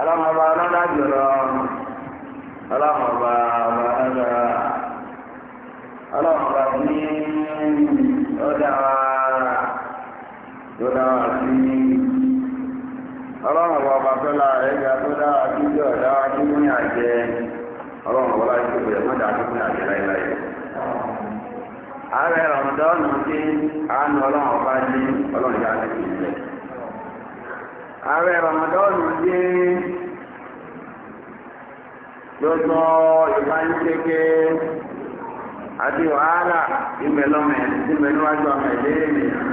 ọlọ́mọba ọlọ́dà jùlọ ọlọ́mọba ọlọ́dà ọlọ́mọba ní ọjà wa yọ̀dà wa sí ọlọ́mọba ọba fẹ́lá ẹ̀gà. ààrẹ rọ̀mọdọ́nù tí àánú ọlọ́run ọba ní ọlọ́run yá lẹ́yìn ilẹ̀ ààrẹ rọ̀mọdọ́nù tí gbogbo ìgbà ń kéke àti wàhálà ìmẹ̀lọ́mẹ̀ ìmẹ̀lúwájú ọmọ ẹ̀dẹ́ ènìyàn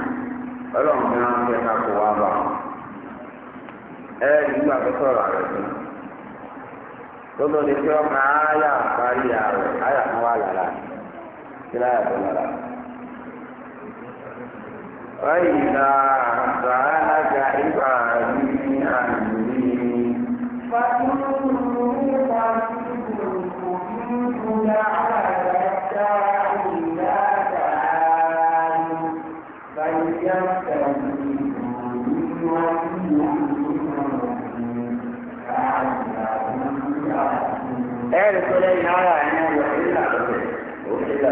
ọlọ́run fi hàn pé ká kó wá bá ẹ nígbà tó sọ̀rọ̀ rẹ̀ ní parí ààrẹ kan wà lára kílá àtọ̀lára. Báyìí náà sàánà.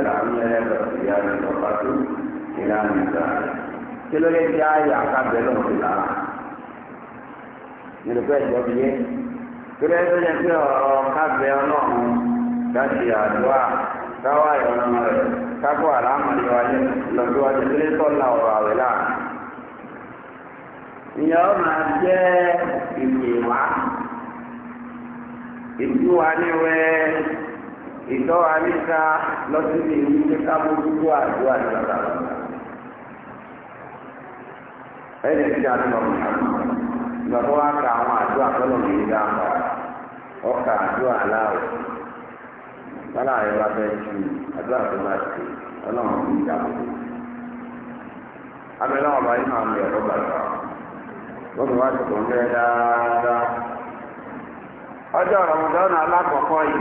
العمل بالصيام والقتل إلى نزاع كل رجاء يعقب لهم في الأرض nílùpẹ́ ìjọba yẹn kílẹ̀ tó yẹ kí ọ̀rọ̀ kábẹ́ ọlọ́run káṣí àdúrà káwá ìrànlọ́ rẹ̀ kákó àlámọ̀lẹ́ wáyé lọ́dúnwájú kílẹ̀ tó la ọ̀rọ̀ àwẹ̀ láà. ìyẹn ó máa jẹ́ ìwé wá ìdúwà níwẹ̀ẹ́. ìtọ́ wa níta lọ́sí ìlú pé ká àdúrà ẹni tí a ti lọ ìgbà tó wá ka àwọn àdúrà tọ́lọ̀ kì dá a ọkà àdúrà aláwọ̀ tọ́lá rẹ̀ bá ju àdúrà tó bá ti dá ọ̀bá yìí máa ń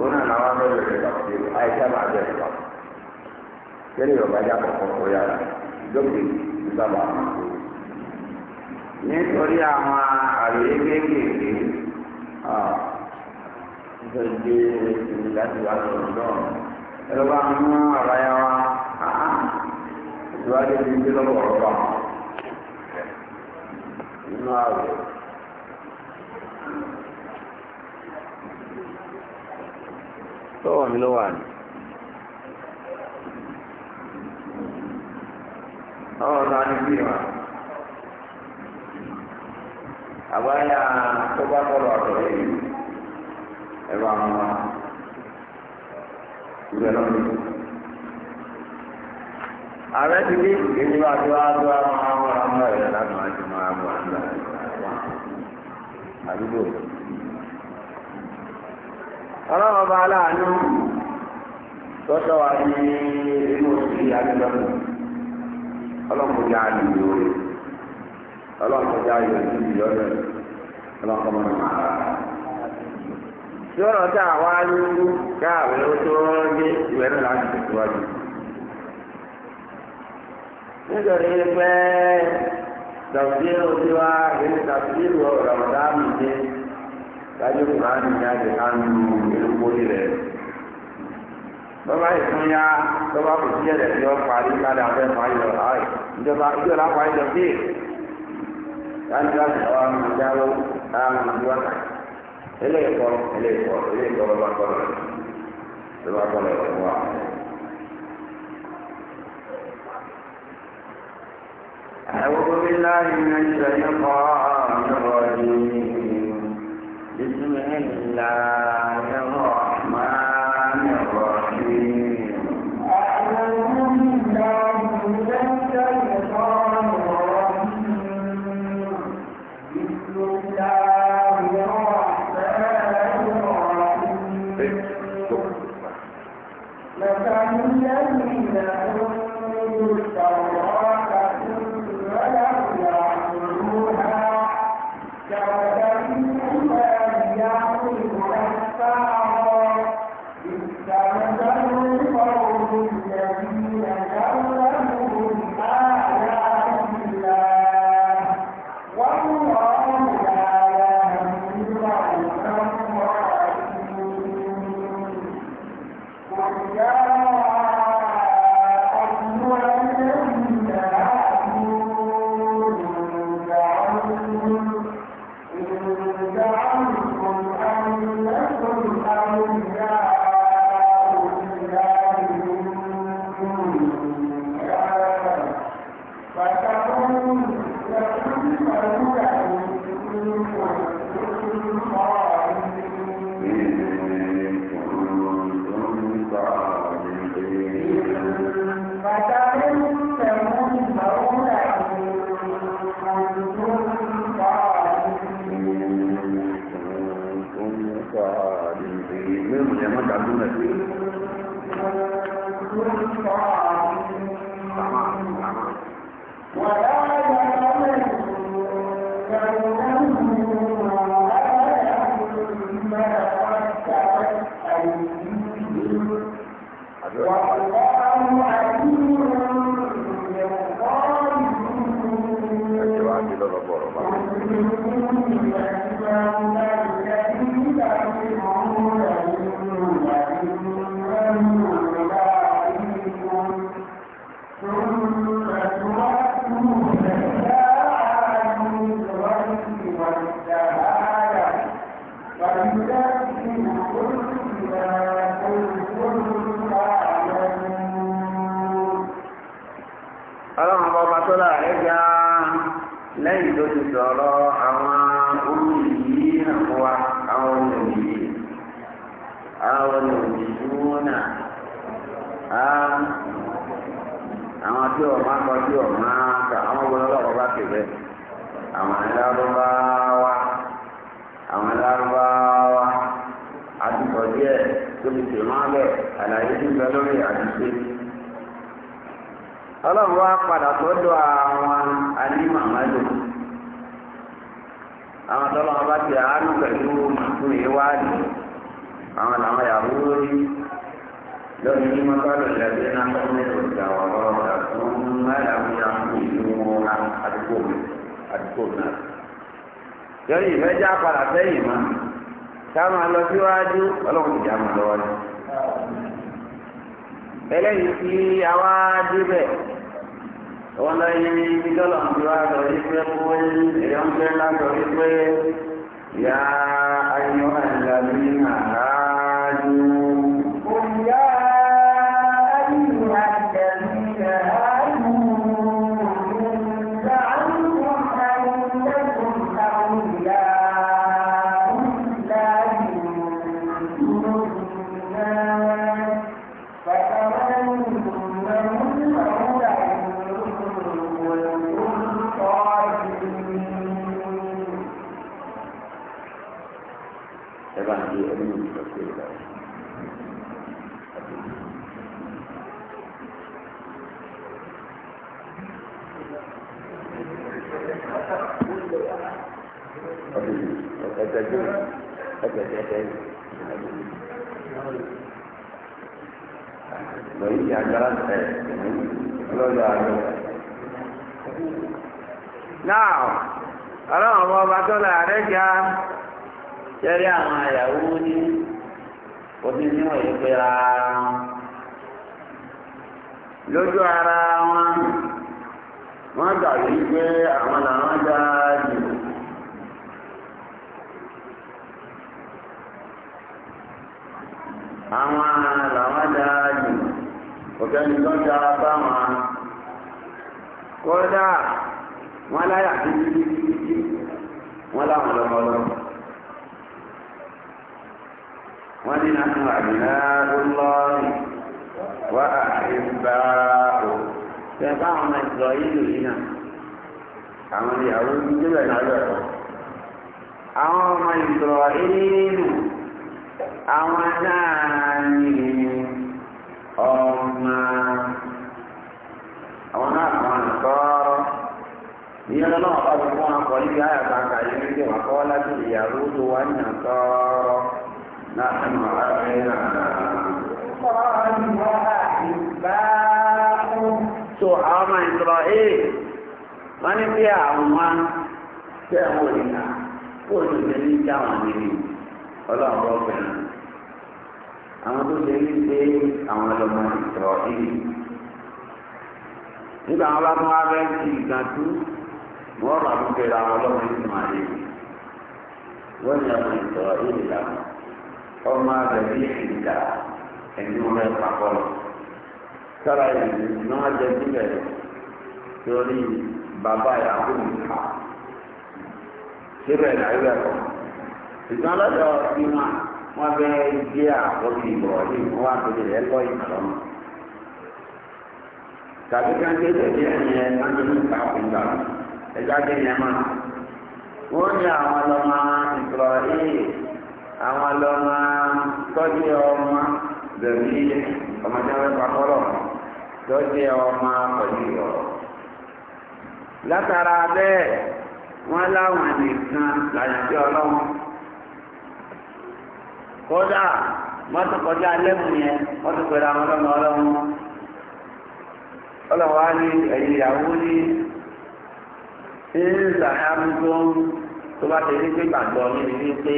òun náà làwọn abẹ́rẹ́ rẹ̀ kàfé àìsí àbá abẹ́rẹ́ kà kẹ́lẹ́ yorùbá já kọ̀kọ́ kọ́ yára lókè ìsábà nítorí àwọn àròyé kéékèèké nítorí pé èmi láti wá sọ̀rọ̀ náà ẹ̀rọ bá mú ọ̀rọ̀ ayá wa ìwádìí ti ń gbé ọ̀rọ̀ bá nínú àrò. sọ́wọ́ mi lọ́wọ́ àná. àwọn ọ̀nà ni bí wọn. àbáyá tó bá kọ́lọ̀ àtọ̀rẹ́ yìí ẹ bá mú wa. ìgbẹ́ náà ni. ààrẹ ti dé èyí bá tó wá tó wá máa ń wá ọmọ rẹ̀ láti máa ti máa wà nígbà tó wà. àdúgbò ọlọ́run ọba aláàánú tọ́tọ́ wa ní inú sí adúlọ́nù ọlọ́mọdé àlùyò rẹ̀ ọlọ́mọdé àlùyò sí ìyọ́dọ̀ ọlọ́mọdé màrà. tí ọ̀nà tá a wá lóyún káàbẹ̀ ó tó gé ìwẹ̀ náà nítorí pé dọ̀tí ó ìrìn tàbí ọ̀rọ̀ ọ̀dà mi dájú kùránì jáde ká ń lu erúgbóni rẹ̀ bọ́bá ìfún ya bọ́bá kò sí ẹ̀rẹ̀ tí ó parí kádà fẹ́ fàáyọ̀ láì ìjọba ìjọba fàáyọ̀ bí dájúdájú àwọn amúdáwó àwọn amúdáwó eléyìí kọ́ eléyìí kọ́ eléyìí kọ́ bọ́bá kọ́ lọ bọ́bá kọ́ lọ wà. أعوذ بالله من الشيطان الرجيم yẹn mọ́ta lọ́dọ̀ àwọn anímàmádò àwọn tọ́lọ́ wọn bá ti àánú pẹ̀lú màtún ìwádìí àwọn làwọn yàrá lórí lórí ní mọ́tàlù ìlẹ́bí náà fún mi ò gbà wọ́n lọ́wọ́ gbà fún mẹ́rin àwọn yàrá ìlú wọn àdúgbò mi àdúgbò náà. yọrí ìfẹ́ já padà sẹ́yìn mọ́ ká lọ síwájú ọlọ́run ìjà máa lọ́wọ́ ni. eléyìí tí àwa débẹ̀ wọ́n lọ yí ibi tọ́lọ̀ ń tiwá sọ wípé kú èèyàn ń fẹ́ láti sọ wípé yá ayé wọn ìlànà ní àárá. na ẹ̀ na àjọ. náà ọlọ́run ọba ọba tó la rẹ̀ já sẹ́rí àwọn àyàwó ní omi níwọ̀n yìí pé ara wọn lójú ara wọn wọ́n gbà àwọn làwọn jù. àwọn làwọn ọ̀gbẹ́ni tó ń dára báwọn kódà wọn láyà títí wọn láwọn lọ́mọlọ́mọ wọn ní nàánú àbílá lọ́rùn wá àìbá o tẹ báwọn ọmọ ìsọ̀rọ̀ yìí lò yìí náà àwọn ìyàwó ní débẹ̀ náà lọ́rọ̀ àwọn ọmọ ìsọ̀rọ̀ yìí lò àwọn náà ní ọmọ máa àwọn náà kàn án sọ́ọ́rọ́ ìyẹn lọ́nà ọ̀pá tó fún wọn kọ níbi àyàtọ̀ àkàyè níbi wọn kọ́ láti ìyàwó tó wà ní àtọ́ọ́rọ́ náà fún wọn láti rí So àwọn ọmọ ìsọ̀rọ̀ èè wọ́n ní bí àwọn tẹ́ wọn ò ní kó o tún ní ìjà wọn níbi ọlọ́run àwọn tó ṣe ní pé àwọn ọlọmọ ìtọ́ ìlú nígbà wọn bá tún wá fẹ́ ti ìgbà tú wọn bá tún fẹ́ ra àwọn ọlọmọ ìtọ́ àlè wọn ní ọmọ ìtọ́ ìlú làwọn ọmọ abẹ́bí ìgbà ẹni wọn bẹ pàpọ̀ lọ sára ìlú ni wọn jẹ síbẹ̀ lórí bàbá ìyàwó ìka síbẹ̀ náà yóò ẹ̀kọ́ ìgbà lọ́dọ̀ ìmọ̀ wọ́n fẹ́ gbé àkóso ìbọ̀wọ̀lì wọ́n àkóso rẹ̀ lọ ìkàlọ́ tàbí ká gbé tẹ̀lé ẹ̀yẹ láti ní ìta òkúta ẹ̀dá gbé yẹn mọ́. wọ́n ní àwọn ọlọ́mọ ìtọ́lọ́ yìí àwọn ọlọ́mọ tọ́jú ọmọ bẹ̀rẹ̀ yìí ọmọdé wọn pa tọ́jú ọmọ pẹ̀lú ìrọ̀. látara bẹ́ẹ̀ wọ́n láwọn nìkan làyànjẹ́ ọlọ́run. kódà mọ́tò kọjá lẹ́mù yẹn mọ́tò pẹ̀lú àwọn ọlọ́mọ ọlọ́mọ ọlọ́wà ní ẹ̀yìn ìyàwó ní ìrìnsà àmúgbó tó bá ti rí pé gbàgbọ́ nínú ní pé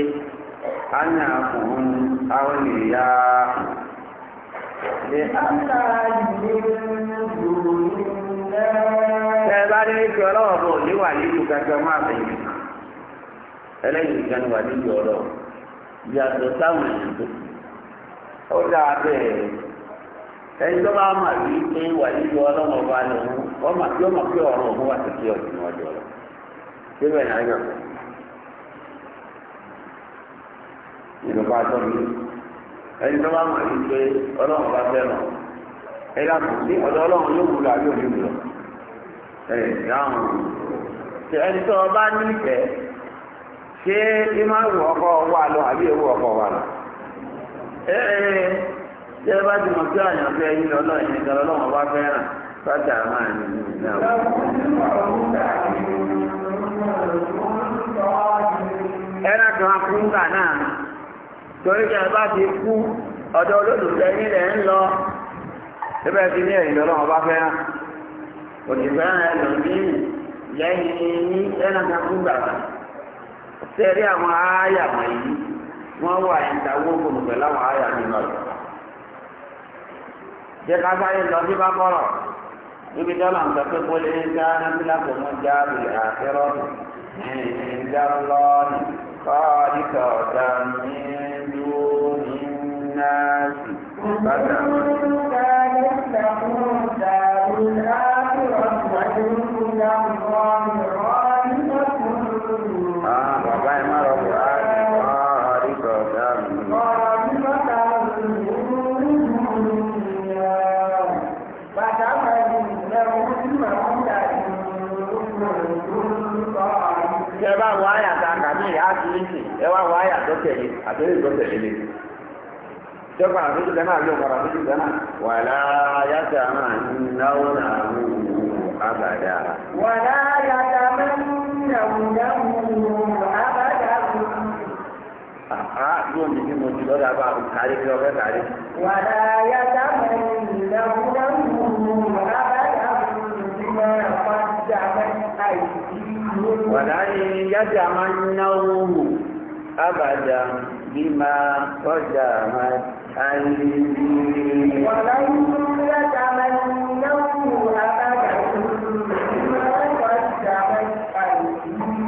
a ní àkùnrin àwọn ìyá ní àmà ẹ bá rí pé ọlọ́wọ́ bò níwà nínú yàtọ̀ sáwọn èèyàn ó dáa bẹ́ẹ̀ ẹni tó bá mà rí pé wà nínú ọlọ́mọ bá lọ wọ́n mà tí ó pé wà kí ọ̀sìn lọ síbẹ̀ náà yọ̀ fún ìlú bá tọ́ mi ẹni tó bá rí pé ọlọ́mọ bá ẹ dàpọ̀ sí ọ̀dọ̀ ọlọ́run yóò wúlò àbí òní wúlò ẹ̀ dáhùn ẹni tó bá ṣé ìmáàmù ọkọ wà lọ àbí ewu ọkọ wà lọ. ee ṣé bá ti mọ̀ sí àyànfẹ́ yín lọ́lọ́ yẹn ìdọ̀rọ̀ lọ́wọ́ bá fẹ́ràn sájà máa ní ìlú náà. ẹran kan kú náà torí kí bá ti kú ọ̀dọ̀ olólùfẹ́ nílẹ̀ ń lọ ní ẹ̀yìn bá fẹ́ràn lẹ́yìn ní ẹran kan náà. tẹ̀rí àwọn àáyà wọ̀nyí wọ́n wà ìdáwó gbòmù pẹ̀lú àwọn àáyà nínú ọ̀dọ̀. jẹ́ ká sáré lọ sí bákọ́rọ̀ níbi dọ́là ń sọ pé kó lè dá nígbà tó mọ́ já lè àkẹ́rọ́ ìjà lọ́ọ̀nì kọ́ọ̀dì kọ̀ọ̀dà ní ìlú ní náà sí bàtà. ti ń sìn ẹ wá wọ àyà dọ́tẹ̀lé àtẹ́lẹ̀ dọ́tẹ̀lé lé ìjọba àtúntò tẹ́ náà yóò mọ̀ra àtúntò tẹ́ náà wà láyàtà máa ń náwó náà mú abàdà. wà láyàtà máa ń náwó náà mú abàdà. àá yóò ní kí mo ti lọ́dọ̀ bá a kárí kí ọ̀fẹ́ kárí. wà láyàtà máa ń náwó náà mú abàdà. bí wọ́n á pa jà mẹ́ta yìí. ولن يتمنوه أبدا بما قدمت أيديهم ولن يتمنوه أبدا بما قدمت أيديهم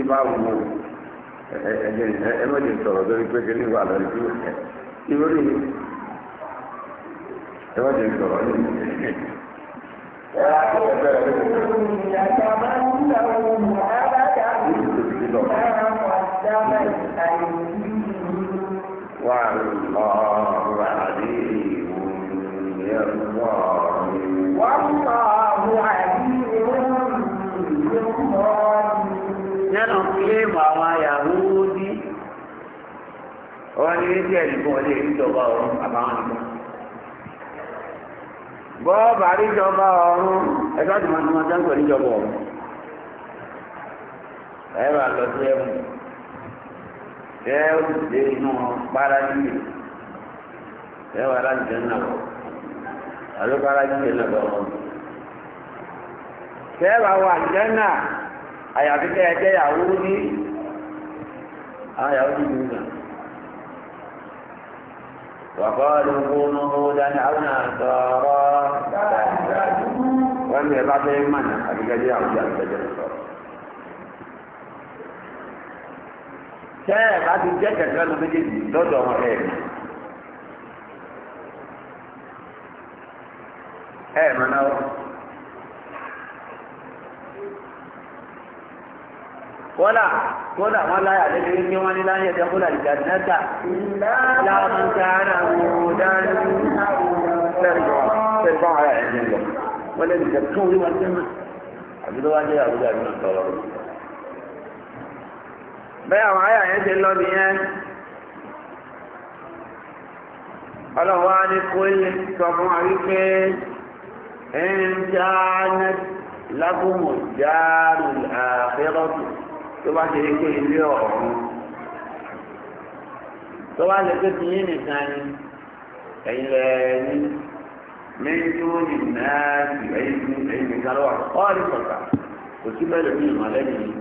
Ìbáwò ẹ̀mẹ́lì sọ̀rọ̀ lórí pé kí ní wà lórí pé ìwé rí ni sọ̀rọ̀ lórí pé kí ní wà lórí pé. wọ́n ní ilé ẹ̀rí kan lè rí ìjọba ọ̀run àbáwọn nìkan bọ́ọ̀bà ríjọba ọ̀run ẹgbẹ́ àti màtí màtí àǹkọ̀ ríjọba ọ̀run ẹ̀rọ àlọ́ sí ẹ̀mú ẹ̀ ó sì dé inú paradíyè ẹ̀rọ aláǹjẹ́ náà lọ àlọ́ paradíyè náà lọ ọ̀run tẹ́ẹ̀bà wà jẹ́ náà àyàfi kẹ́ ní àwọn yàwó وقالوا كونوا هودا أو نصارى وأن يبعث يمنع حقيقة دي أو جاء الفجر tẹ́ bá ti jẹ́ kẹ̀kẹ́ lọ méjèèjì lọ́dọ̀ ọmọ ẹ̀ ẹ̀ mọ̀ náà wọ́n là kódà wọn láyà lẹ́nu wípé wọ́n ní láyé ẹ̀dẹ́ kódà ìjà nẹ́ta láàmú kára wò dání lẹ́nu lẹ́nu bá ara ẹ̀jẹ̀ lọ wọ́n lẹ́nu ìjà tó orí wọn sẹ́mà àbúrò wájú àbúrò àbúrò sọ̀rọ̀ bẹ́ẹ̀ àwọn àyà yẹn ti lọ nìyẹn ọlọ́wọ́ á kó lè sọ fún wa wípé ẹ̀ ń já lágùnmù já àfẹ́rọ́tù tó bá ṣe pé ilé ọ̀hún tó bá ṣe pé tiyín nìkan ni ẹ̀yin lẹ̀ ní mẹ́jọ́nì náà sì ẹ̀yin ní ẹ̀yin nìkan lọ́wọ́ ọ̀rí sọ̀tà kò sí bẹ́ẹ̀ lómi ìmọ̀ lẹ́yìn yìí.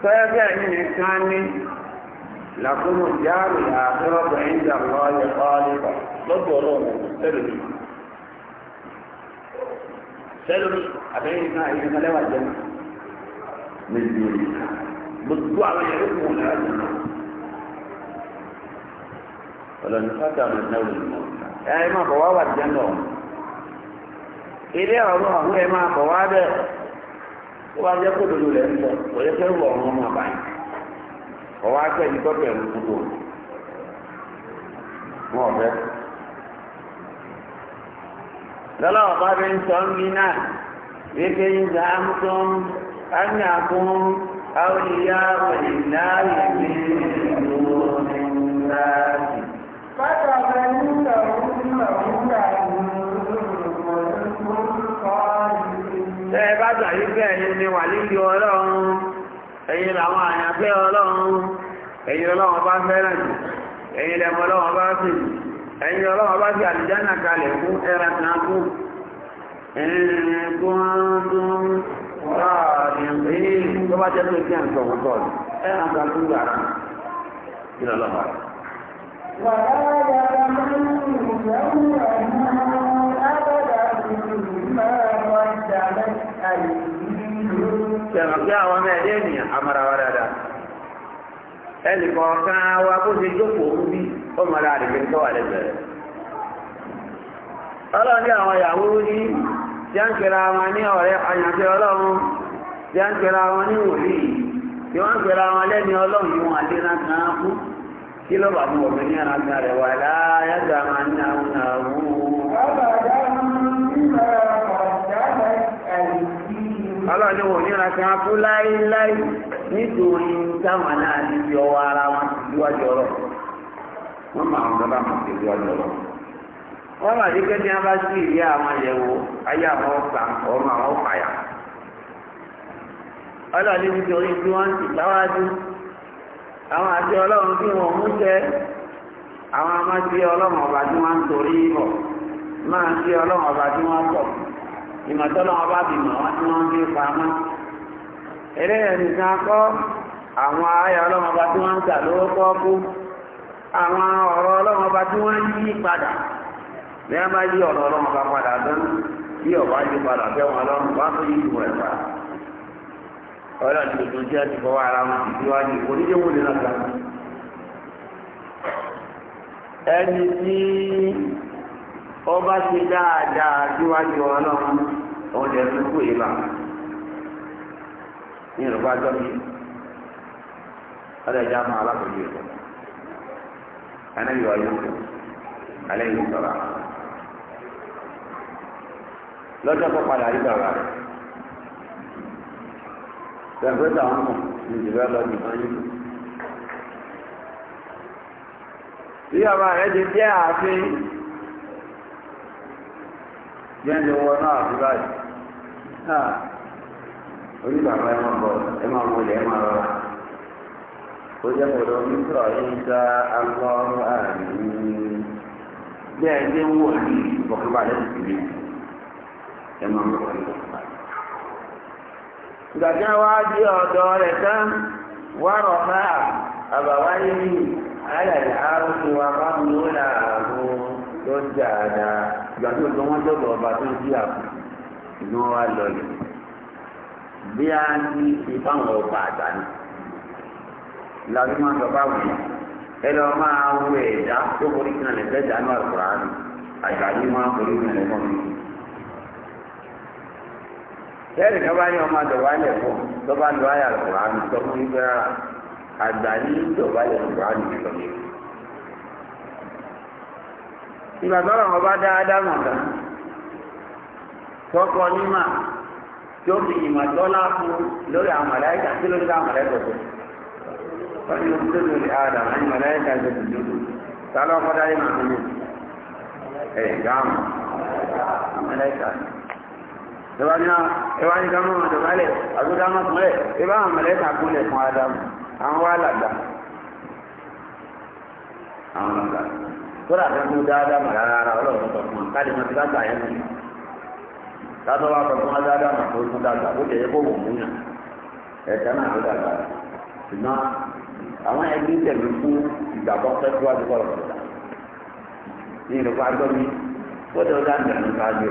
sọ́yẹ́bí ẹ̀yin nìkan ni làkúnú jáàmù àkúrọ̀bù ẹ̀yìn àlọ́ yẹ ọ̀rí sọ̀tà lọ́dọ̀ ọlọ́run sẹ́lómi àbẹ́yẹ nìkan jẹ́ mi méjì òní gbogbo àwọn yẹn ló kún lẹ́wà jẹ́ mi. ọlọ́ni fata ọ̀nà náà wò lọ. ẹ ẹ máa bọ̀ wá wà jẹ́ lọ. ilé ọ̀rọ̀ ọ̀hún ẹ máa bọ̀ wá bẹ́ẹ̀ tó bá jẹ́ kódodo ń kò yẹ kẹ́rù ọ̀hún ọmọ àbáyé لكي زعمتم أنكم أولياء لله من دون الناس Ṣé bá gbà ni wà níbi ọlọ́run, ẹ̀yin làwọn àyànfẹ́ ọlọ́run, ẹ̀yin ọlọ́run bá fẹ́ràn jù, ẹ̀yin lẹ́mọ ọlọ́run bá sì, ọlọ́run bá sì kalẹ̀ fún ẹran ẹ̀ẹ́dùn sáàdìrín ndị àwọn ìyàwó ní tí a ń pèrà wọn ní ọ̀rẹ́ àyànfẹ́ ọlọ́run tí a ń pèrà wọn ní wòlíì tí wọ́n ń pèrà wọn lẹ́ni ọlọ́run yìí wọn àdéhùn kan kú kí ló bá fún ọ̀gbìn ní aráàlú rẹ̀ wà láyàtọ̀ àwọn ní àwọn àwọn ọlọ́run ní kan nítorí táwọn náà ara wọn ọlọ́run wọ́n wọ́n máa dé kẹ́tí wọn bá sí ìdí àwọn àyẹ̀wò ayé àwọn ọ̀sà ọmọ àwọn ọ̀pàyà ọlọ́ọ̀ni nítorí tí wọ́n ti gbáwájú àwọn àti ọlọ́run tí wọ́n mú jẹ́ àwọn ọlọ́run ọba tí wọ́n ń torí máa ọba tí wọ́n pọ̀ ìmọ̀tọ́lọ́run ọba bì mọ̀ wọ́n tí wọ́n ń gbé pamọ́ nìkan kọ́ àwọn ayọ̀ ọlọ́run ọba tí wọ́n ń lówó pọ́ọ́kú ní a máa yí ọ̀rọ̀ ọlọ́run padà dán bí ọ̀bá yí padà bẹ́ wọn wá tó yí ìwọ̀ ẹ̀ pa àti ti fọwọ́ ara wọn ti oníjẹ́ wò ní ẹni tí ọba dáadáa síwájú ọ̀hún ní ìrọ̀bá máa lọ́jọ́ tó padà rí bàbá rẹ̀. Tẹ̀gbẹ́ta wọn mọ̀ ní ìdìbò lọ ní ìbọn yìí. Bí bàbá rẹ̀ ti jẹ́ ààfin, jẹ́ ní owó náà àti báyìí. orí bàbá ẹ máa bọ̀, ẹ máa mú ilẹ̀ ẹ máa rọra. Ó jẹ́ kò lọ ní dá agbọ́rọ̀ àmì. Bí ẹ ti ń wò ní ìfọ̀kúbalẹ̀ ìpínlẹ̀ ẹ máa ń bọ̀ nínú ọ̀pá. Gbàgbé wá dé ọ̀dọ̀ rẹ̀ tán, wá rọ̀ máa àbàwáyé ní àyàlẹ̀ àrùn wa bá mú lóra àwọn tó ń jà dáa. Gbàgbé ọ̀dọ̀ wọn dọ̀dọ̀ ọba tó ń jí àpò ìlú wa lọlẹ̀. Bí a ní ìfáwọn ọba àgbà ni. Làbí máa ń sọ báwọn yìí. ẹ̀dá tó tẹ́lẹ̀ kan bá ní ọmọ àdọ̀wálẹ̀ fún tó bá lọ ayà lọ́wọ́ àmì sọ fún ìgbẹ́ rà àgbà ní ìdọ̀wálẹ̀ lọ́wọ́ àmì sọ fún ìgbẹ́. ìgbà tọ́lọ̀ wọn bá dáadáa mọ̀ tán tọkọ nímà tí ó fi ìmọ̀ tọ́lá fún lórí àwọn màláìkà tí lórí àwọn màláìkà tó wọ́n ní oṣù tó lórí àdà àwọn màláìkà tó ti dúdú tá lọ́kọ́ dáyé màá fún mi ẹ̀ gáàmù màláìkà tó ìwà ní ìwà ní ká máa dọ̀bálẹ̀ àbí ká máa fún Ádámù àwọn wà làgbà àwọn làgbà tó làgbà dáadáa mọ̀ rárá ọlọ́run káàdì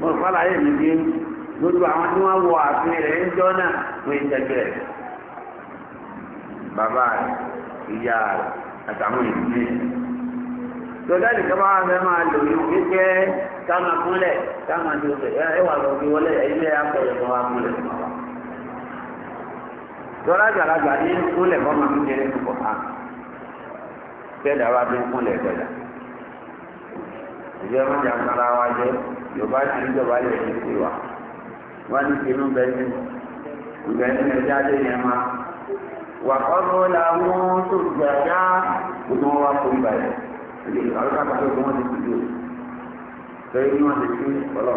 mo fàlàyé mi bí gbogbo àwọn tí wọ́n wọ àfin rẹ̀ ń jọ́ náà wọ́n ń tẹ́gbẹ́ rẹ̀ bàbá rẹ̀ ìyá rẹ̀ àtàwọn ìdílé rẹ̀ tọ́lá nìkan bá wà fẹ́ máa lò ní wípé táwọn akúnlẹ̀ táwọn àti òfè ẹ wà lọ́ọ́ fi wọlé ilé akọ̀yẹ̀ tó wà múlẹ̀ tó wà. tọ́lá gbàlagbà ní kúnlẹ̀ fọ́mọ kékeré púpọ̀ hàn bẹ́ẹ̀ ìjọba máa jà kára wa jẹ yorùbá ti ń jọba lè fi sí wa wọn ní tinú bẹ́ẹ̀ ní ìgbà ẹni ẹja dé yẹn ma wà kọ́kọ́ làwọn tó gbàgbá gbogbo wọn wá fún ìdí ti wọn ti wọn wọn wá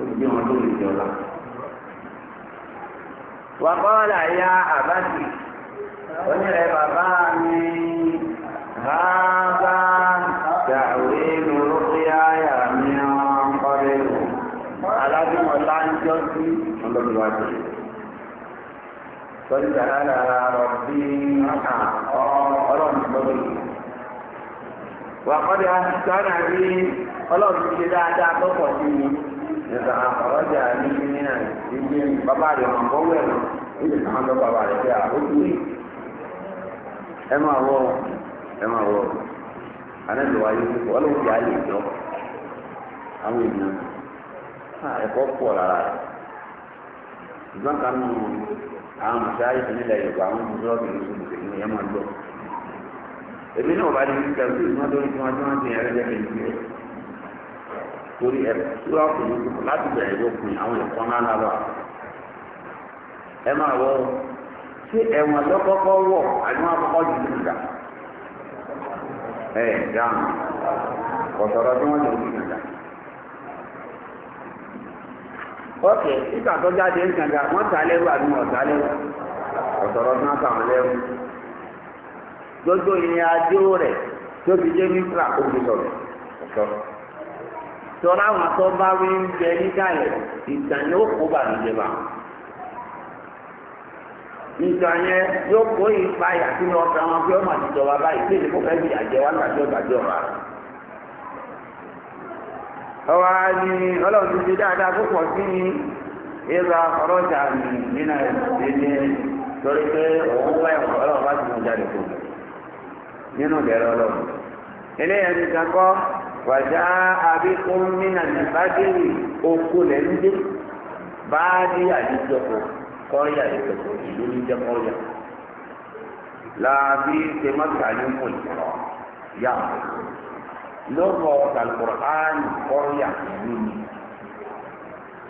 olùgbé wọn lórí ìjọba. wàkọ́lá ya àbájì onírẹ̀ bàbá mi rábà dàwé lórúkúyà yà mí ọ̀rẹ́ rò alágbèmọ̀ láńjọ́ sí ọlọ́dúnwájú. Sọ́jú tàrà lára rọ̀ bí ọlọ́run rí ọlọ́run ṣe dáadáa lọ́pọ̀ sí mi n'a, ọjà ní nínà ìdí bàbá rẹ̀ mọ̀ bọ́ wẹ̀ lọ ìdí kan lọ bàbá rẹ̀ pé àbójú ẹ máa wọ ẹ máa wọ anáàlùwà yìí kò ọlọ́wọ́ fi àlè jọ àwọn èèyàn ẹ̀kọ́ pọ̀ lára rẹ̀ ìgbọ́n kan nù àwọn Yorùbá àwọn mùsùlùmí torí ẹ tí wàá kò láti bẹ̀rẹ̀ ló pin àwọn ẹ̀kọ́ náà lára ẹ máa wọ ṣé ẹ̀wọ̀n tó kọ́kọ́ wọ̀ àti wọn kọ́kọ́ jù ú dà ẹ̀ dáhùn kọ̀sọ̀rọ̀ tí wọ́n jù ú dà. tó jáde ń wọ́n ta lẹ́rú àbí wọ́n ta lẹ́rú kọ̀sọ̀rọ̀ tí tọ́lá àwọn tó bá rí ń bẹ níkàlẹ̀ ìtàn yóò kó bànújẹ́ bá ìtàn yẹn yóò kó ma sínú ọkàn ọmọ àtijọba báyìí pé fẹ́ bí àjẹ wá gbàjọ gbàjọ ọwọ́ ni ọlọ́run ti dada dáadáa si sí ni ìlà ọlọ́jà mi nínú torí pé òun wá ọlọ́run bá ti mú jáde nínú wàjá àbíkún mínà nìbádìrì oko lẹ̀ ń dé báàdì àdìjọpọ̀ kọ́ọ̀yà àdìjọpọ̀ ìlú ní jẹ́kọ́ọ̀yà làbí tèmọ́tà ní mọ̀ ìkọ̀rọ̀ yà lọ́wọ́ ọ̀tàlùkọ̀rọ̀ áàyè kọ́ọ̀yà ìlú ni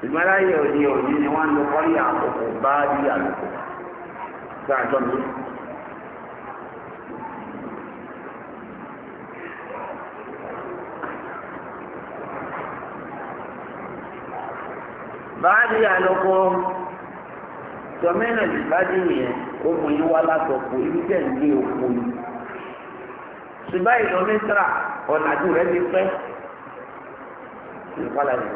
ìgbàláyè òde òde ni wọ́n lo kọ́ọ̀yà àkókò báàdì àdìjọpọ̀ sáà jọ́ mi. báàdì àlọ́kọ́ tọ́mẹ́nà ìbádì yẹn ohun yìí wá látọ̀kọ̀ ibi tẹ̀ ń gbé òkú yìí ṣùgbọ́n ìlú mẹ́tàrà ọ̀nàdù rẹ̀ ti pẹ́ ìpàlà yẹn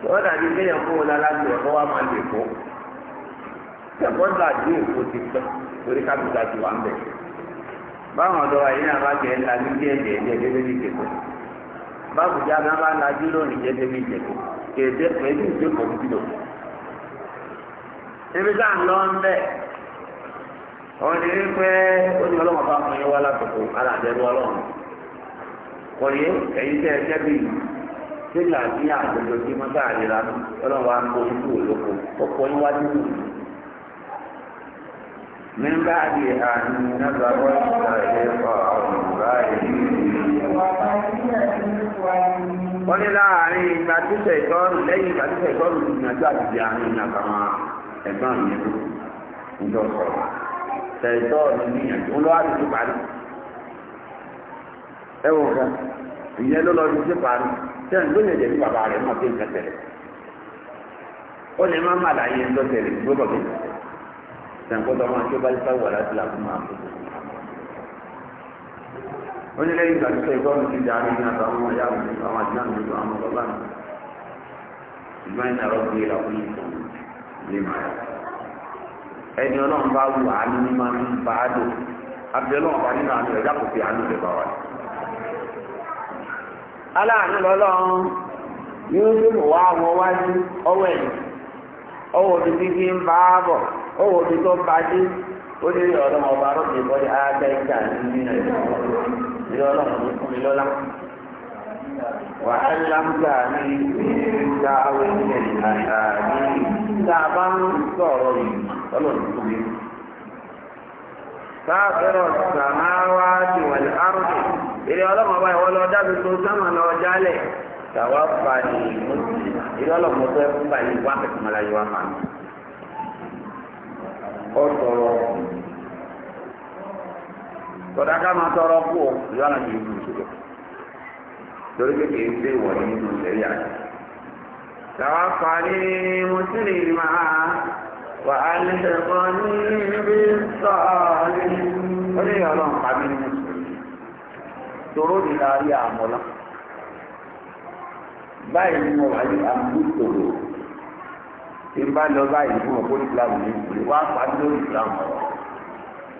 tọ́wọ́ dàbí kéèyàn kó ẹ̀kọ́ wa máa lè èkó ti pẹ́ torí ti wà ń bẹ̀ báwọn ọ̀dọ́ wa yìí ńlá ní kéde pẹ̀lú ìgbé kọ̀m̀pútò. Ibi tá à ń lọ ń bẹ̀. Wọ́n ti rí pé ó ní ọlọ́run bá fún yín wá látòkò alàdẹ́rú ọlọ́run. Kò yé ẹ̀yin tẹ́ ẹ jẹ́bi sílà ní àgbègbè tí wọ́n bá àríra ọlọ́run wa ń bó ikú olóko ọ̀pọ̀ níwájú nù. من بعد أن نبرأ إليك أمرائي وقد يكون wọ́n ní láàrin ìgbà tí sẹ̀tọ́rù lẹ́yìn ìgbà tí sẹ̀tọ́rù ti gbìyànjú àtìgbè àárín ìyá àtàwọn ẹ̀gbọ́n mi ló ń jọ sọ̀rọ̀ sẹ̀tọ́rù níyànjú olówó àti ti parí ẹ wò kan ìyẹn ló lọ sí ti parí sẹ́yìn ló lè jẹ́ bí bàbá rẹ̀ mọ̀ pé nǹkan tẹ̀lé ó lè má má láyé ń lọ tẹ̀lé gbọ́dọ̀ bí nǹkan tẹ̀lé sẹ́yìn kó tọ́ máa tó bá ó ní lẹ́yìn ìgbà títẹ̀ ìtọ́nù ti dà ní àtàwọn ọmọ ìyá mi àwọn àti náà nínú àwọn bàbá mi ṣùgbọ́n ìnà ọ̀rọ̀ gbé ra fún ìtàn lè máa yà. ẹni ọlọ́run bá ìdí ọlọ́run ló fún mi lọ́lá. wà á lámgbà ní ìgbà àwọn ènìyàn àtàní tá a bá ń sọ̀rọ̀ yìí ọlọ́run fún mi. sáfẹ́rọ̀ sàmáwá ti wà ní àrùn ìdí ọlọ́run ọba ìwọ lọ dábì tó sámà lọ jálẹ̀ tàwa fà ní ìdí ọlọ́run ọba ìwọ fà ní wákàtí mọ́lá yìí wá fà ní. ọ̀sọ̀rọ̀ tọ́dá ká máa tọrọ kú ọ ìyá náà yìí dùn sílẹ̀ torí pé kì í ṣe ìwọ̀ ní nínú ìṣẹ̀lẹ̀ àti. Tàwa fà ní Mùsùlùmí máa wà á ní ẹ̀kọ́ ní ibi sọ́ọ̀lì. Ó ní ìyá ọlọ́run pa mí ní Mùsùlùmí. Tòró ni la àmọ́lá. Báyìí ni mo wà ní àmúgbòrò. Ìbá lọ báyìí fún ọ̀pọ̀ ìsìlámù ní ìwé. Wá pa lórí ìsìlámù ọ̀rọ̀.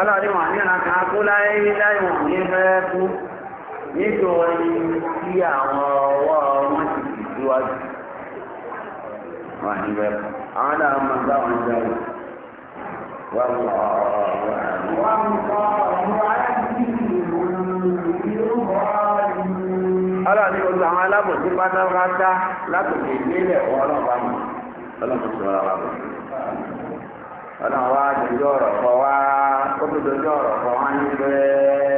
ọlọ́rin wọn ní ọ̀nà kan kú láyé láyé wọn ní fẹ́ kú nítorí tí àwọn ọwọ́ wọn ti fi síwájú wọn ní fẹ́ kú àwọn náà máa bá wọn jáde wọn lọ wọn lọ ọlọ́rin gbogbo àwọn alábòsí pátápátá látòkè nílẹ̀ ọlọ́ba mi ọlọ́run sọ̀rọ̀ wa bọ̀ ọlọ́run wa jẹjọ́ ọ̀rọ̀ kọ wá kó tó dojú ọ̀rọ̀ kọ́ wọ́n ní bẹ́ẹ̀.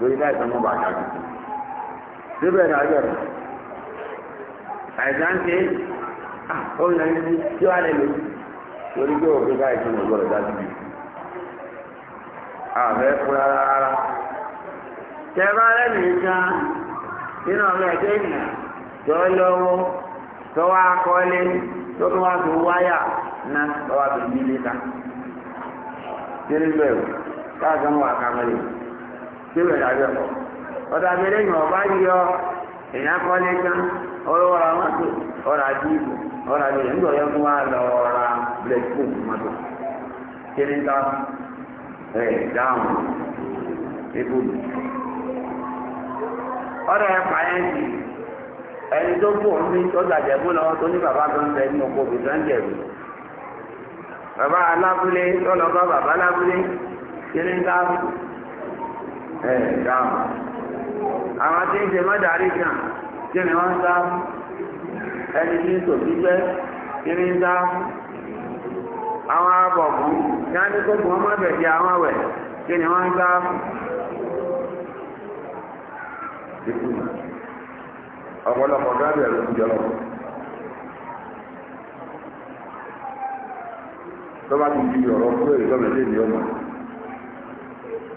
torí láì sọ mọ́ bàtà síbẹ̀ lájọ̀ rẹ̀ àìsàn ṣe ó ń lẹ́yìn tí wàá lè torí pé òfin ká ìtumọ̀ gbọ́dọ̀ dájú bí àbẹ́ fún rárá rárá tẹ bá nínú ọmọ ẹ̀kẹ́ ìnà tó lọ́wọ́ tó wá kọ́lé tó tó wá tó wáyà tó wá tó yí Kí ni tí ó bẹ̀rẹ̀ àjọ yìí ọba yọ èèyàn kọ́lé tán ọ̀rọ̀ ọ̀rọ̀ àwọn tó ọ̀rọ̀ àti ìbò ọ̀rọ̀ àti ìyẹn ńlọrọ̀ fún wa lọ ọ̀rọ̀ blẹ̀kú mọ́tò kíni ká dáhùn mi. ẹni tó tó bó lọ tó ní bàbá tó ń bẹ bàbá alábúlé ẹ̀ dáhùn àwọn tí ń ṣe mọ́dàrí kan kí ni wọ́n sá ẹni tí ń tò gbígbẹ́ kí ni ń sá fún àwọn abọ̀kú kí wọ́n ní kókò wọ́n má bẹ̀ẹ̀ àwọn àwẹ̀ kí ni wọ́n sá fún ọ̀pọ̀lọpọ̀ gábẹ̀ ló ń tó bá ti di ọ̀rọ̀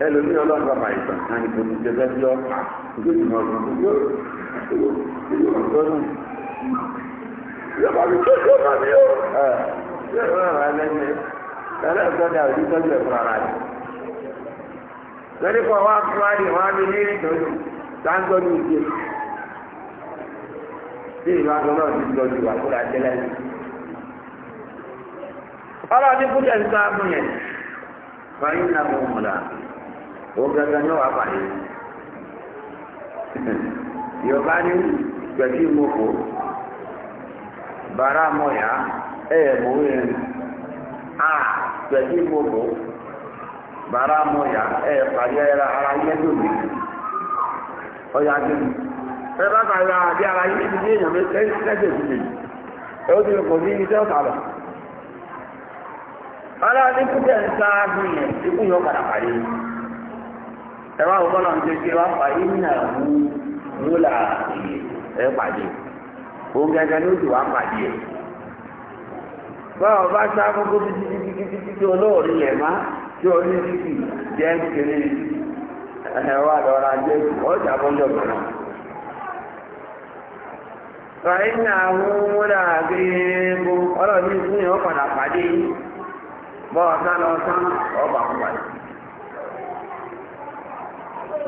ẹlòmí ọlọ́run bàbá ìgbà náà ní kòtò tẹ́lẹ̀ bí ọ̀pá yóò dùn wá fún wa á ní ní ìtọ́jú sáńtọ́ ní tí ìlú àgbọn náà ti tọ́jú wà kó jẹ́lẹ̀ ọlọ́run ní ń sọ abúlé fàyín náà mọ̀ mọ̀ O gangan ní ọ̀wá pàdé yorùbá ní gbẹ̀kí mọ́kò bàrà mọ́yà ẹ̀yẹ̀ mọ́ a gbẹ̀kí mọ́kò ara ẹ bá àbí ara yẹn ti dé èèyàn mẹ́tẹ́ẹ̀sì lè ẹ ó ti ní ní kúkẹ́ ń ẹwà ọgbọ́nà ń tẹ́jú wá pa iná mú múlà pàdé òun gẹ́gẹ́ wá pàdé ẹ̀ báwo bá títí títí títí títí olóòrí yẹn má tí o ní jẹ́ kéré ẹwà lọ́ra jẹ́ ọjà bọ́jọ́ bẹ̀rẹ̀ fa iná mú múlà pàdé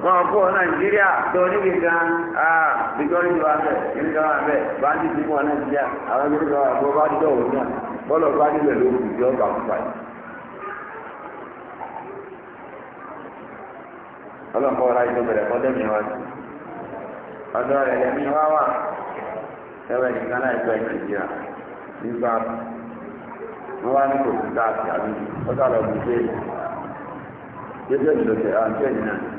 wọn kó nàìjíríà tó níbi kan aa bíkọ́rì ti wá bẹ̀ kíní kan wà bẹ̀ bá ti ti wọn nàìjíríà àwọn kíní kan wà bọ́ bá ti dọ̀wọ́ náà bọ́lọ̀ bá nílẹ̀ ló kù yọ bá kú báyìí. ọlọ́nkọ́ ọ̀la yìí tó bẹ̀rẹ̀ kọ́ dẹ́mi wá sí ọ̀dọ́ rẹ̀ lẹ́mí wá wà ẹ̀wẹ̀ nìkan náà ẹ̀gbẹ́ nàìjíríà nígbà wọn wá ní kò káàkiri àbí ọ̀dọ́ àlọ́ gbèsè gbèsè ìlòkè àǹtẹ̀ nìyẹn.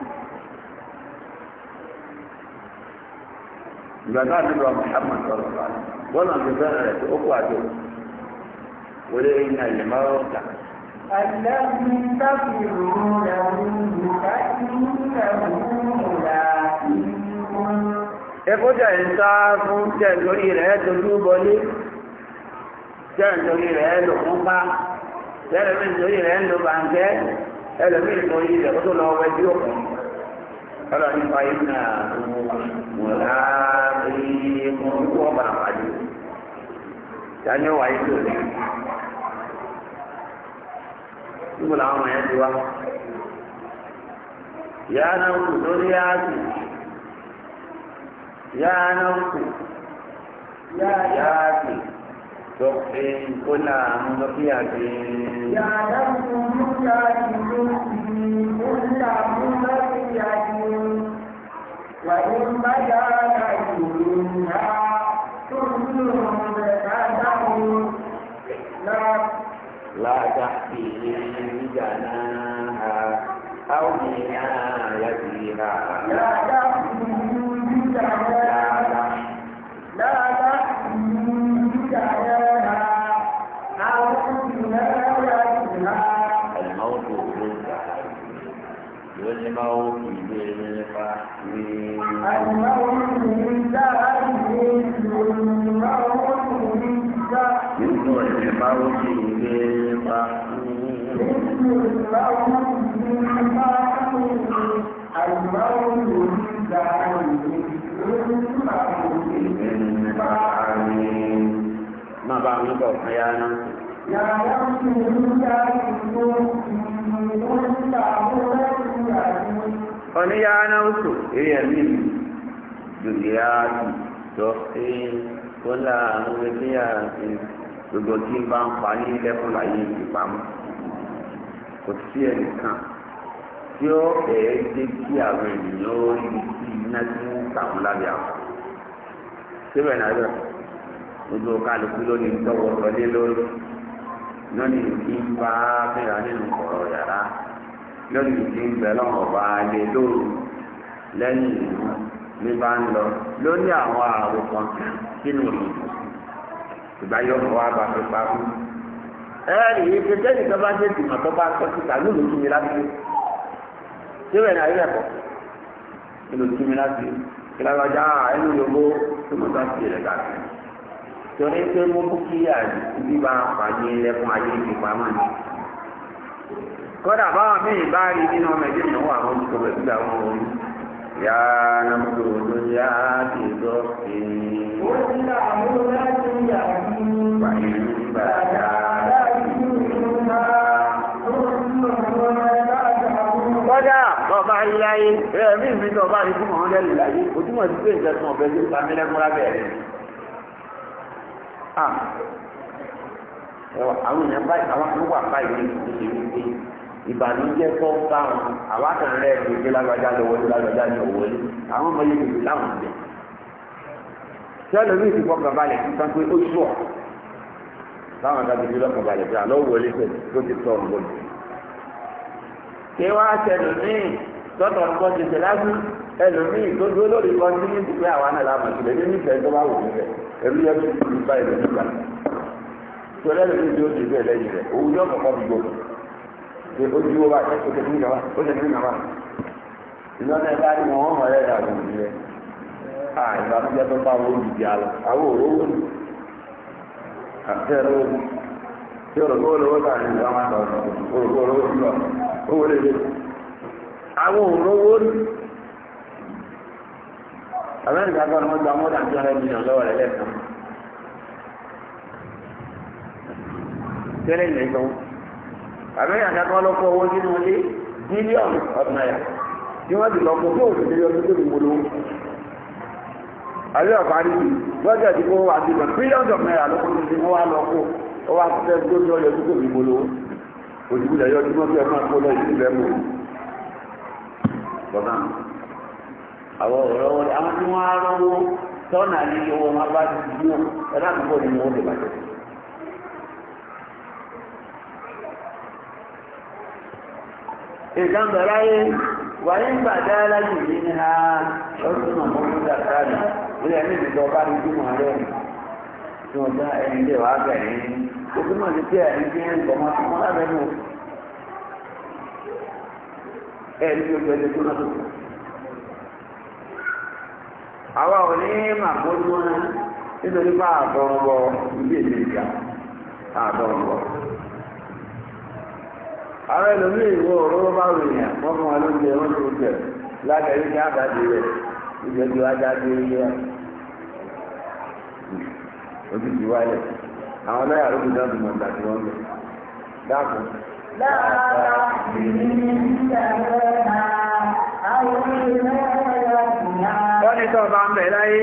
ìgbàgbọ́ àdúrà Muhammad sọ̀rọ̀ bọ́ọ̀lù àti bẹ́ẹ̀ rẹ̀ tó kó àjò wọlé ẹ̀yìn náà lè máa rọ̀ kà. الذي تفرون منه فإنه ملاقيكم Ẹkọ́jà ń sá fún tẹ́ntorí rẹ̀ dojú bọlé, tẹ́ntorí rẹ̀ lò fún bá, tẹ́lẹ̀mí nítorí rẹ̀ ń lo bàǹkẹ́, ẹlẹ́mí nítorí rẹ̀ kó tó lọ wẹ́ bí òkun. Ọlọ́run nípa yìí náà mọ̀ àárín ọdún wọn bàrà pàdé ìdáni ọwà yìí tó lè níbo làwọn ọmọ yẹn ti wá ìyá náà kù lórí áàtì ìyá náà kù ìyá áàtì tó pé kó náà mú lọ bí àti. ìyá náà kù lórí áàtì ló ti kó náà mú lọ bí àti. wàyí ń bá yàrá náà. لا تحتهم جناها أو بنايتها لا تحتهم Má bá mi bọ̀ fún ya náà. Yàrá mi ń yá ìlú ìlú ìta ọ̀rẹ́ ìyá mi. Oníyá náà sùn, eré ẹ̀mí mi, dùdìyà jọ sí kólà àwọn ẹgbẹ́ àti gbogbo tí ń bá ń pa ní ilẹ̀kùn láyé ìpamọ́ kò sí ẹnìkan tí ó ẹ̀ẹ́ dé kí àwọn ènìyàn ó rí sí iná tí wọ́n ń tàwọn lábẹ́ àwọn. síbẹ̀ náà bẹ̀ ojú kálukú lónìí tọwọ́ sọlé lórí lónìí kí n bá bẹ̀rẹ̀ nínú kọ̀rọ̀ yàrá lónìí kí n bẹ̀ lọ́wọ́ bá lóru lẹ́yìn ìlú ní bá ń lọ lórí àwọn àròkàn sínú ìgbà yọ̀ọ̀ wá bá pa fún un. ẹ̀rì yìí ṣe jẹ́ nìkan bá ṣe tìmọ̀ tó bá tọ́ síta ní ìlú kíni láti rí síbẹ̀ náà ilé ẹ̀kọ́ ìlú kíni láti rí ìlànàjà ẹnu yòówó tó mọ̀ tó ti rẹ̀ pé mo kú kí bá fàyè lẹ́kùn ayé pamọ́ ni. kódà báwọn míì bá rí nínú ọmọ bẹ̀ ọba rí láyé ẹ̀mí mi tó ọba rí fún ọ̀hún lẹ́nu láyé ojúmọ̀ sí pé ìjọsìn ọ̀bẹ tó ta mí lẹ́gbọ́n lábẹ́ rẹ̀. àwọn èèyàn báyìí àwọn tó wà báyìí ní ìṣe wípé ìbànújẹ́ tó ń bá wọn àwọn àtẹnudẹ́ ìgbèjì lágbájá lọ́wọ́ lágbájá ní òwò ní àwọn ọmọ yẹn lè láwọn jẹ. sẹ́lẹ̀ mi ti fọkàn balẹ̀ sísan pé ó sùọ̀ láwọn adájọ́ lọ́kàn balẹ̀ pé àlọ́ wọlé pẹ̀lú tó ti tọ̀ ọ́ kí wọ́n á sẹ́lẹ̀ míì sọ́tọ̀ ọ̀pọ̀ ti tẹ̀ lágbó ẹlòmíì tó dúró lórí kan sí ní ìdílé àwọn náà láàmú ìṣẹ̀lẹ̀ ní ìfẹ́ tó bá wù níbẹ̀ ẹ̀rú yẹ kí ìlú bá ìlú nígbà tó lẹ́lòmíì tó ti bẹ̀ lẹ́yìn rẹ̀ òun yóò kọ̀kọ́ fi gbòòrò pé ó dúró wá ó tẹ̀ nígbà wá ó tẹ̀ nígbà wá ìlọ́nà ẹ̀ bá ní wọn wọ́n mọ̀ ẹ́ rà wù nílẹ̀ à ìbànújẹ́ tó bá wọn olùdí alọ àwọn òróró ni àtẹ̀rẹ̀ òru tí òróró olówó àwọn òróró ní amẹ́ríkà gbọ́n wọ́n gba mọ́dà tí wọ́n mílíọ̀n lọ́wọ́ rẹ̀ lẹ́ẹ̀kan tẹ́lẹ̀ ilẹ̀ ìgbọ́n amẹ́ríkà gbọ́n lọ́kọ́ owó nínú ilé bílíọ̀nù ọdún náírà tí wọ́n ti lọ kó fún òṣèlú ọdún tó ti mú lówó àlẹ́ ọ̀pá ní bọ́jà tí kò wà sí bílíọ̀nù ọdún náírà lọ́kọ́ tí wọ́n wá lọ kó ó wá fẹ́ bọ́nà àwọn ọ̀rọ̀ wọn àwọn tí wọ́n á rọ́wọ́ tọ́nà ní owó wọn bá ti di wọn ẹ̀rọ àkókò ni wọ́n lè bàjẹ́. ìdáhùn bẹ̀rẹ̀ wàyí ń gbàdá láti ní ha náà ọba ní rẹ̀ tí wọ́n dá ẹni bẹ̀rẹ̀ ní. e tó tó náà tó kù. àwa ò ní màkójú nítorí bá àbọ̀rọ̀bọ̀ ilé ìlú ìjà àbọ̀rọ̀bọ̀. àwọn ẹlòmíì ìwọ bá rò yàn wọ́n fún wọ́n tó ní wọ́n ní sọ́ọ̀bá ń bẹ̀ láyé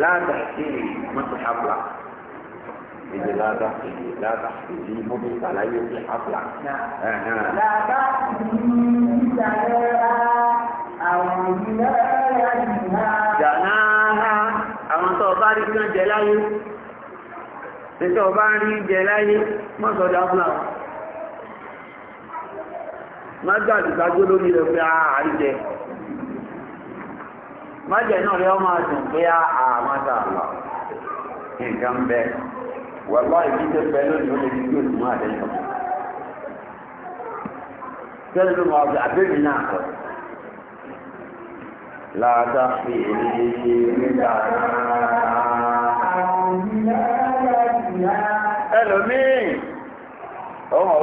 láàdà ìrì mọ́tò hapla ìdè láàdà ìrì láàdà ìrì mọ́tò ìsàlàyé ìrì hapla. láàdà ìrì ìsàlẹ̀ àwọn ìdílé ẹ̀yà ìgbà. jàǹdà àwọn tó bá rí kí wọ́n jẹ láyé. ṣé tó má gbàdì gbájú lórí rẹ̀ pé àáríjẹ ah, má jẹ náà rẹ̀ ọmọ àdùn pé àmàtà ah, àlà nǹkan bẹ wàlá ìdíje pẹ lónìí ó lè ní yóò tún àdéhùn tẹ́lẹ̀ ló máa gbé abẹ́mi náà kọ̀ láàdá fi èyí nígbà ẹlòmíì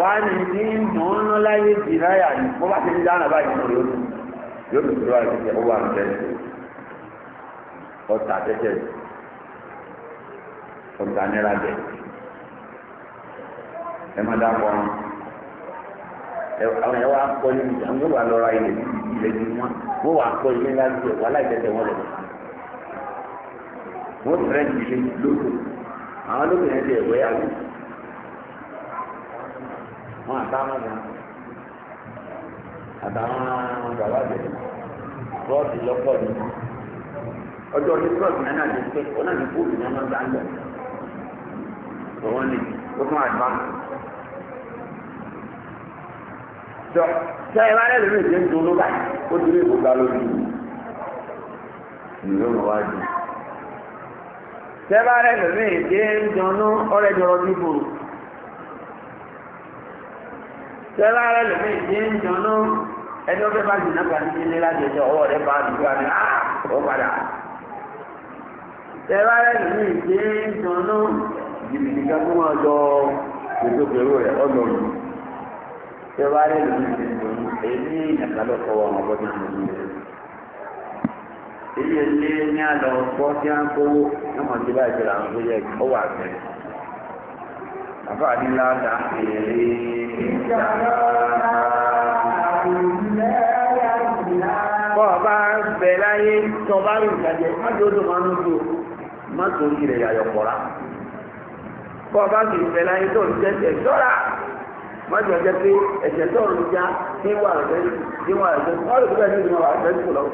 àlùkùránì ní mọ̀ ń lọ láyé di náírà ní bó bá ti ń dáná báyìí mọ̀ yóò yóò tún lọ àti tẹ̀ ó wà ń tẹ̀ ọ̀tà tẹ̀tẹ̀ ọ̀tà náírà bẹ̀ ẹ má dá pọ̀ àwọn ẹ̀ wá kọ́ ní ìjà ń wà lọ́ra ilẹ̀ ilẹ̀ ní wọn wọ́n wà kọ́ ilé ńlá ju wà láì wọn lọ́wọ́ wọ́n tẹ̀rẹ̀ ìdílé lóko àwọn lóko yẹn ti ẹ̀ wẹ́ wọn àtàwọn ọmọ àtàwọn bàbá àjẹjẹ bọ́ọ̀sì lọ́pọ̀ ni ọjọ́ ní bọ́ọ̀sì náà náà ti pé ó náà ní bóòlù náà máa ń dáńdọ̀ ni ó tún àgbà jọ sẹ ẹ bá rẹ lórí ìdí ń dun ló báyìí ó dúró ìbùgbà lórí ìlú ìlú wa jù sẹ ẹ bá rẹ lórí ìdí ń dun ọrẹ jọrọ bíbù tẹ́lá rẹ̀ lè ní ìdí ń jọ̀nà ẹni ọdún bá jìnnà kan ní ilé láti ẹjọ́ ọwọ́ rẹ̀ bá dùn wá ní àpò padà. tẹ́lá rẹ̀ lè ní ìdí ń jọ̀nà jìbìtì kan tó máa jọ ètò pẹ̀lú rẹ̀ ọ̀dọ̀ mi. tẹ́lá rẹ̀ lè ní ìdí ń jọ̀nà èmi ìyàtọ̀ kọ́wọ́ ọmọ bọ́dún mi. èyí ilé ní àlọ́ bọ́ sí à ń kówó ẹ̀mọ̀ tí bá ìjọba àwọn tó yẹ bọ́ọ̀bá bẹ láyé tọba rí ìdájẹ́ mọ́jọ́ tó máa ń lò má tó ń kiri ìyàyọ̀ pọ̀ra bọ́ọ̀bá sì láyé sọ́ra jẹ́ pé ẹ̀jẹ̀ já níwà rẹ̀ níwà rẹ̀ lọ.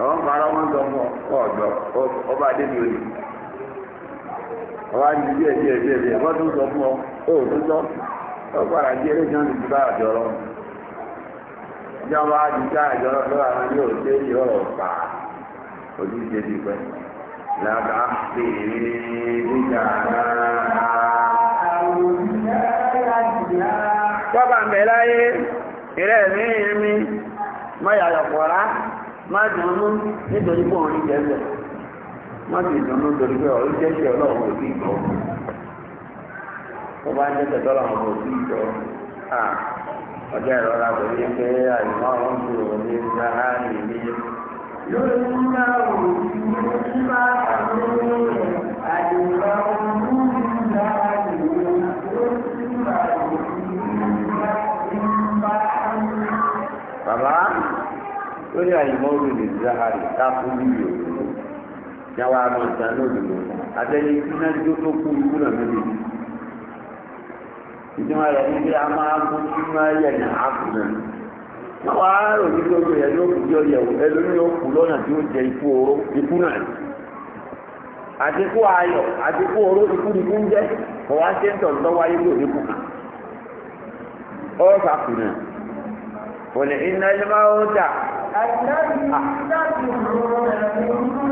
àwọn ọmọ wọn lọ ọba ọwọ́ á di díẹ̀ díẹ̀ díẹ̀ díẹ̀ wọ́n sọ fún ọ ó tún sọ ọ ti bá ìjọba lọ́wọ́ àwọn yóò pa mi ìrìn mi, má dùn ún nítorí má sì dùnú torí pé ọ̀rọ̀ jẹ́ ṣe ọlọ́run òbí ìtọ́ tó bá ń jẹ́ tẹ̀tọ́ ọlọ́run òbí ìtọ́ ọjọ́ ìrora kò ní pé àìmọ́ ọ̀hún ti rò ní sáà nìyí. lórí nígbà wo ni mo ti bá àwọn ọmọ àdìgbà ọmọ nígbà àdìgbà tó ti bá àwọn Bàbá lórí àyìnbó olùdíje ààrẹ ká fún bíbí òkú. yàwó àmọ́ ìgbà náà dùnú àtẹni tí jó tó kú ikú náà níbi ìdíwọ̀n rẹ̀ ní a máa mú kí wọ́n yẹ ní àkùnrin wọ́n á rò ní gbogbo yẹn ló kù yọ yẹ̀wò ẹlòmíì ó kù lọ́nà tí ó jẹ ikú oró ikú náà àti kú ayọ̀ àti kú oró ikú ni kú ń jẹ́ kò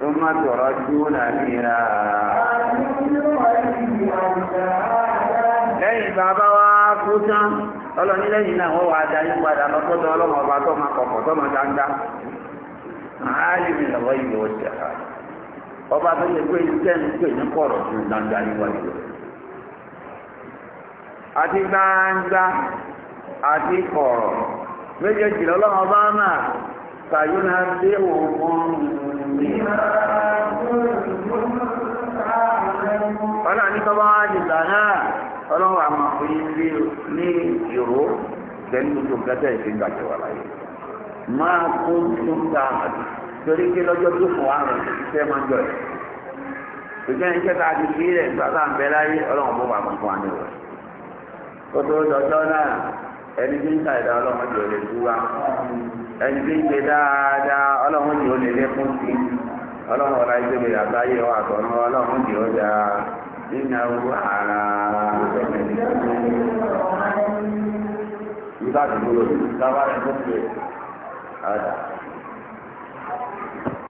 ثم تردون إلى ụlọ bàbá wa kú tán ọlọ́ni lẹ́yìn náà wọ́n wà á darí padà lọ́sọ́dọ̀ ọlọ́mọ ọba tó máa kọ̀kọ̀ tó ọba tó yẹ pé ní kọ̀rọ̀ níwájú rẹ̀ àti gbangba àti kọ̀rọ̀ méjèèjì náà فينبئهم بما ọlọ́run ní tọ́ba àjìgbà náà ọlọ́run àmọ́ pé ilé ní ìró pẹ̀lú tó gẹ́tẹ̀ ìgbàjẹ́ wà láyé máa kó tó ta àmàdì torí pé lọ́jọ́ tó fún wa rẹ̀ iṣẹ́ máa ń jọ ẹ̀ ṣùgbọ́n iṣẹ́ tá a ti fi rẹ̀ nígbà tá à ń bẹ láyé ọlọ́run bó bá mọ̀ fún wa ní ìrọ̀ tó dọ́jọ́ náà ẹni tí ń ta ìdá ọlọ́run jọ̀ọ́ lè dúró ẹni tí ń ṣe dáadáa ọlọ́run yìí ó lè lékún sí ọlọ́run ọ̀la ìṣèlú àgbáyé wa àtọ̀nà ọlọ́run yìí ó dáa nínú àwọn ara ìgbàdúgbò tábàrẹ̀ tó ṣe